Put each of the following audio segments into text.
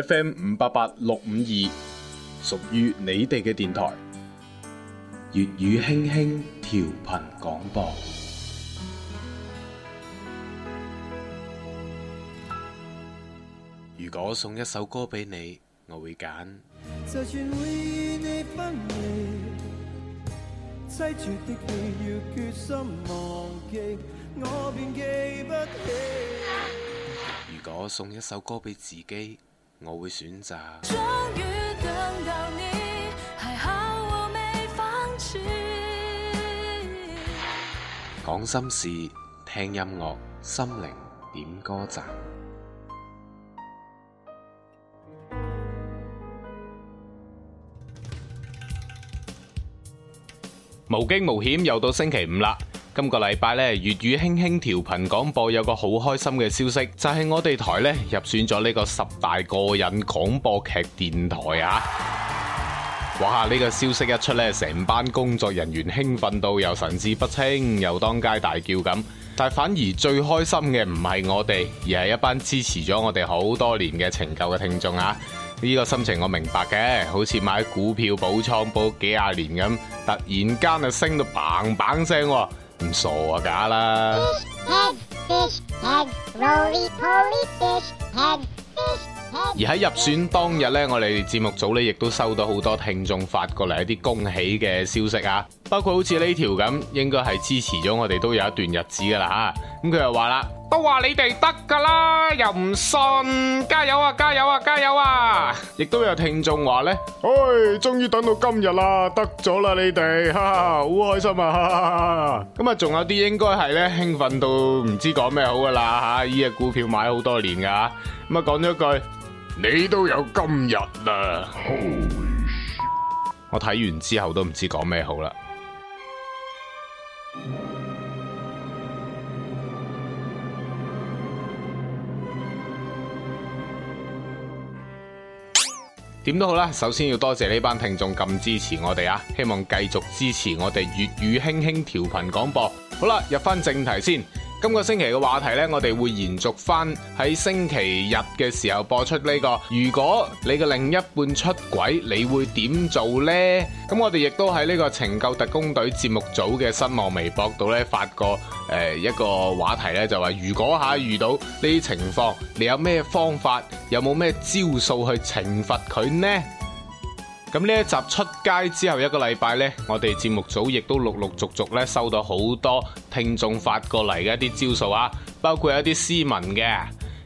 F M 五八八六五二，2，屬於你哋嘅電台粵語輕輕調頻廣播。 如果送一首歌俾你，我會揀。如果送一首歌俾自己。我會選擇。終於等到你，還好我沒放棄。講心事，聽音樂，心靈點歌站。無驚無險，又到星期五啦。今個禮拜呢粵語輕輕調頻廣播有個好開心嘅消息，就係我哋台呢入選咗呢個十大個人廣播劇電台啊！哇！呢個消息一出呢，成班工作人員興奮到又神志不清，又當街大叫咁。但係反而最開心嘅唔係我哋，而係一班支持咗我哋好多年嘅情舊嘅聽眾啊！呢個心情我明白嘅，好似買股票補倉補幾廿年咁，突然間就升到砰砰聲。唔傻啊，假啦！而喺入選當日呢，我哋節目組呢亦都收到好多聽眾發過嚟一啲恭喜嘅消息啊，包括好似呢條咁，應該係支持咗我哋都有一段日子噶啦吓，咁佢又話啦。嗯都話你哋得噶啦，又唔信，加油啊，加油啊，加油啊！亦都有聽眾話呢，唉，終於等到今日啦，得咗啦你哋，哈哈，好開心啊！咁啊，仲有啲應該係呢，興奮到唔知講咩好噶啦，吓，呢隻股票買好多年噶，咁啊講咗句，你都有今日啦，我睇完之後都唔知講咩好啦。點都好啦，首先要多謝呢班聽眾咁支持我哋啊，希望繼續支持我哋粵語輕輕調頻廣播。好啦，入翻正題先。今個星期嘅話題呢，我哋會延續翻喺星期日嘅時候播出呢、這個。如果你嘅另一半出軌，你會點做呢？咁我哋亦都喺呢個《拯救特工隊》節目組嘅新浪微博度呢發過誒、呃、一個話題呢就話如果下遇到呢啲情況，你有咩方法？有冇咩招數去懲罰佢呢？咁呢一集出街之後一個禮拜呢，我哋節目組亦都陸陸續續呢收到好多聽眾發過嚟嘅一啲招數啊，包括一啲斯文嘅，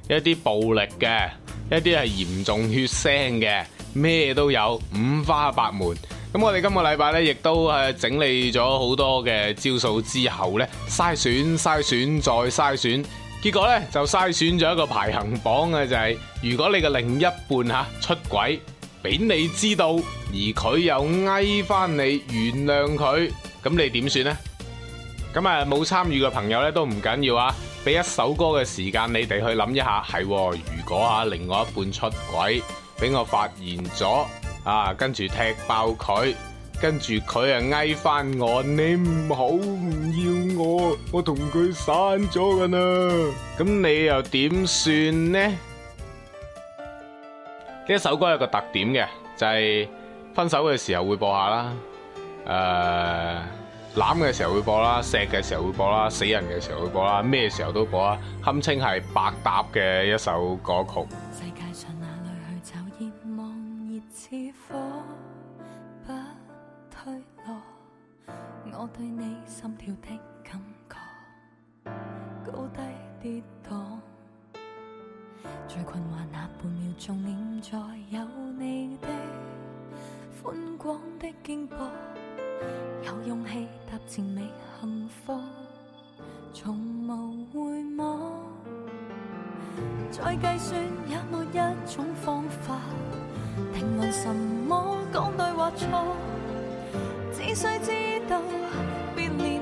一啲暴力嘅，一啲係嚴重血腥嘅，咩都有，五花八門。咁我哋今個禮拜呢，亦都誒整理咗好多嘅招數之後呢，篩選、篩選，篩選再篩選，結果呢就篩選咗一個排行榜嘅，就係、是，如果你嘅另一半吓、啊、出軌。俾你知道，而佢又哀返你原諒佢，咁你點算咧？咁啊冇參與嘅朋友咧都唔緊要啊，俾一首歌嘅時間你哋去諗一下。係、哦、如果啊，另外一半出軌俾我發現咗啊，跟住踢爆佢，跟住佢啊哀翻我，你唔好唔要我，我同佢散咗噶啦，咁你又點算呢？呢首歌有個特點嘅，就係分手嘅時候會播下啦，呃，攬嘅時候會播啦，錫嘅時候會播啦，死人嘅時候會播啦，咩時候都播啦，堪稱係百搭嘅一首歌曲。「世界上哪裏去找熱望熱似火，不退落我對你心跳嘅感覺。」最困惑那半秒鐘，念在有，有你的寬廣的肩膊，有勇氣踏前覓幸福，從無回望。再計算也沒有一種方法，停論什麼講對或錯，只需知道別念。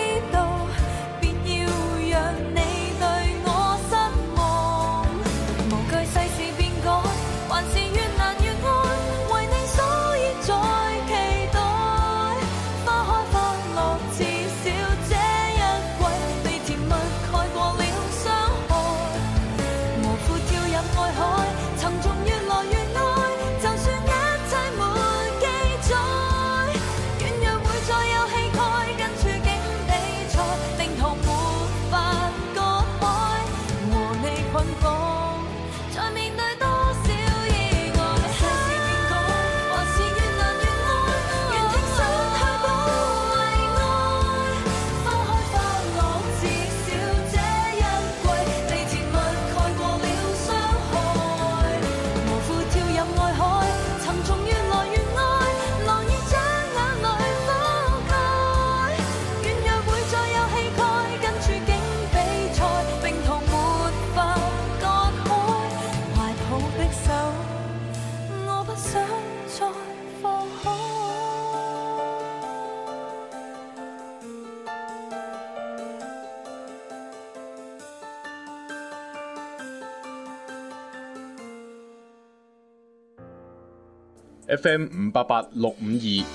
FM 五八八六五二，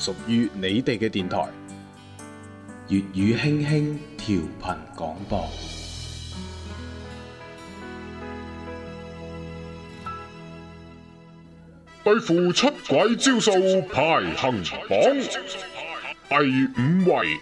屬於你哋嘅電台粵語輕輕調頻廣播。對付出軌招數排行榜第五位，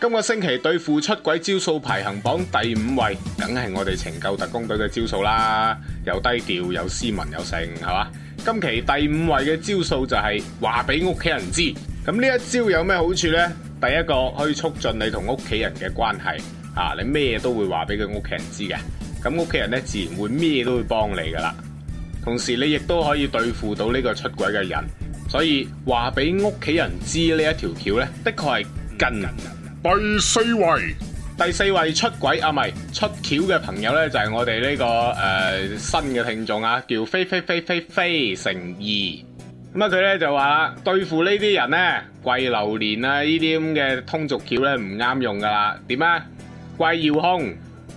今個星期對付出軌招數排行榜第五位，梗係我哋拯救特工隊嘅招數啦，又低調又斯文又盛，係嘛？今期第五位嘅招數就係話俾屋企人知，咁呢一招有咩好處呢？第一個可以促進你同屋企人嘅關係，啊，你咩都會話俾佢屋企人知嘅，咁屋企人咧自然會咩都會幫你噶啦。同時你亦都可以對付到呢個出軌嘅人，所以話俾屋企人知呢一條橋咧，的確係近第四位。第四位出軌啊，唔係出橋嘅朋友咧，就係、是、我哋呢、這個誒、呃、新嘅聽眾啊，叫飛飛飛飛飛乘二。咁啊，佢咧就話啦，對付呢啲人咧，貴榴蓮啊呢啲咁嘅通俗橋咧唔啱用噶啦。點啊？啊啊貴遙控，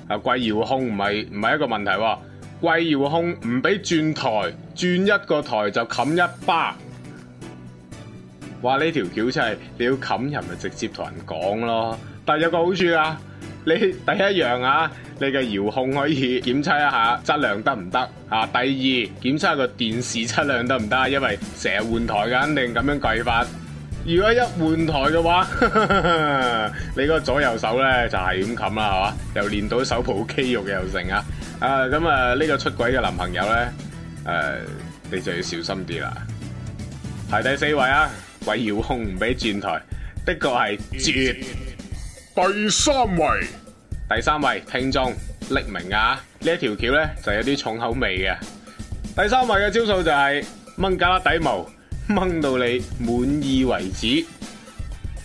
啊，貴遙控唔係唔係一個問題喎、啊。貴遙控唔俾轉台，轉一個台就冚一巴。話呢條橋就係、是、你要冚人咪直接同人講咯。但係有個好處啊。你第一樣啊，你嘅遙控可以檢測一下質量得唔得啊？第二，檢測個電視質量得唔得？因為成日換台嘅，肯定咁樣計法。如果一換台嘅話，呵呵你個左右手咧就係咁冚啦，係嘛？又練到手抱肌肉又成啊！啊咁啊，呢、啊呢個出軌嘅男朋友咧，誒、啊，你就要小心啲啦。排第四位啊，鬼遙控唔俾轉台，的確係絕。第三位，第三位聽眾匿名啊，一條條呢一條橋咧就有啲重口味嘅。第三位嘅招數就係掹格拉底毛，掹到你滿意為止。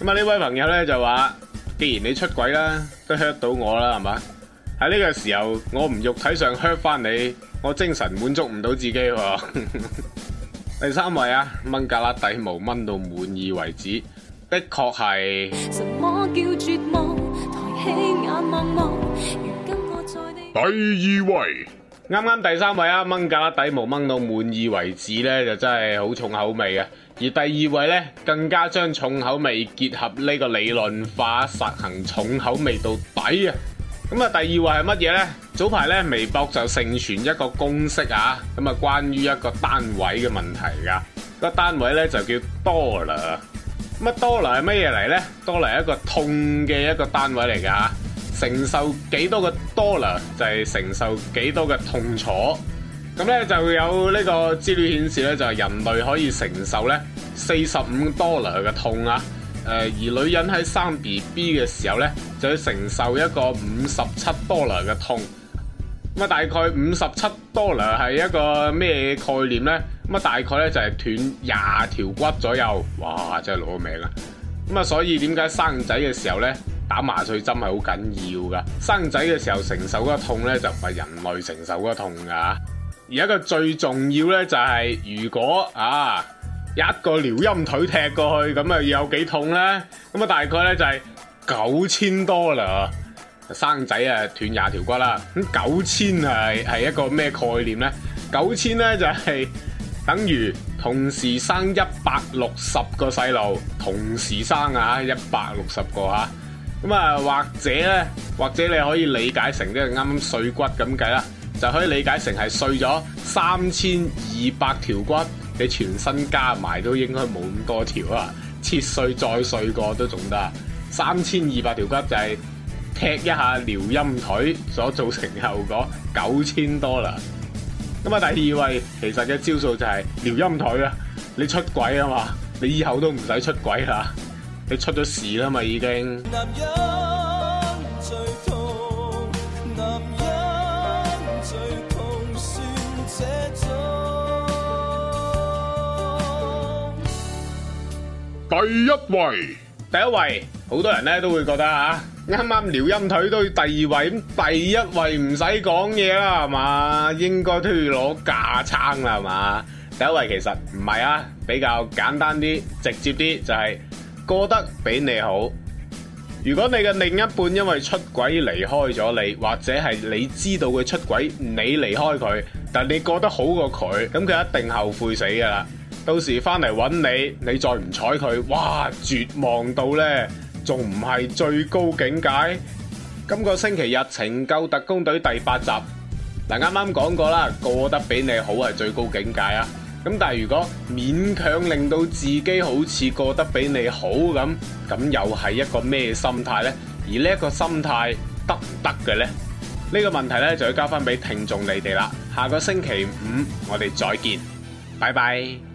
咁啊呢位朋友呢，就話，既然你出軌啦，都 hurt 到我啦係嘛？喺呢個時候我唔肉體上 hurt 翻你，我精神滿足唔到自己、啊。 第三位啊，掹格拉底毛，掹到滿意為止。的確係。第二位，啱啱第三位啊，掹架底毛掹到滿意為止咧，就真係好重口味啊！而第二位咧，更加將重口味結合呢個理論化，實行重口味到底啊！咁啊，第二位係乜嘢咧？早排咧，微博就盛傳一個公式啊，咁啊，關於一個單位嘅問題噶、啊，個單位咧就叫 Dollar。咁多嚟係乜嘢嚟呢？多嚟係一個痛嘅一個單位嚟噶、啊、承受幾多個多嚟就係承受幾多嘅痛楚。咁呢，就有呢個資料顯示呢就係人類可以承受呢四十五多嚟嘅痛啊。誒、呃，而女人喺生 B B 嘅時候呢，就要承受一個五十七多嚟嘅痛。咁啊，大概五十七多嚟係一個咩概念呢？咁啊，大概咧就係斷廿條骨左右，哇，真係攞命啦！咁啊，所以點解生仔嘅時候咧打麻醉針係好緊要噶？生仔嘅時候承受嘅痛咧就唔係人類承受嘅痛噶吓。而一個最重要咧就係如果啊一個撩陰腿踢過去，咁啊要有幾痛咧？咁啊大概咧就係九千多啦啊！生仔啊斷廿條骨啦，咁九千係係一個咩概念咧？九千咧就係。等於同時生一百六十個細路，同時生啊，一百六十個吓，咁啊或者咧，或者你可以理解成呢個啱啱碎骨咁計啦，就可以理解成係碎咗三千二百條骨，你全身加埋都應該冇咁多條啊，切碎再碎過都仲得，三千二百條骨就係踢一下撩陰腿所造成嘅後果九千多啦。咁啊，第二位，其實嘅招數就係撩陰腿啊！你出軌啊嘛，你以後都唔使出軌啦，你出咗事啦嘛已經。男人最痛，男人最痛。第一位，第一位，好多人呢都會覺得啊。啱啱撩陰腿都要第二位，咁第一位唔使講嘢啦，係嘛？應該都要攞架撐啦，係嘛？第一位其實唔係啊，比較簡單啲，直接啲就係過得比你好。如果你嘅另一半因為出軌離開咗你，或者係你知道佢出軌，你離開佢，但你過得好過佢，咁佢一定後悔死噶啦。到時翻嚟揾你，你再唔睬佢，哇，絕望到呢。仲唔係最高境界？今個星期日拯救特工隊第八集嗱，啱啱講過啦，過得比你好係最高境界啊！咁但係如果勉強令到自己好似過得比你好咁，咁又係一個咩心態呢？而呢一個心態得唔得嘅呢？呢個問題呢，就要交翻俾聽眾你哋啦。下個星期五我哋再見，拜拜。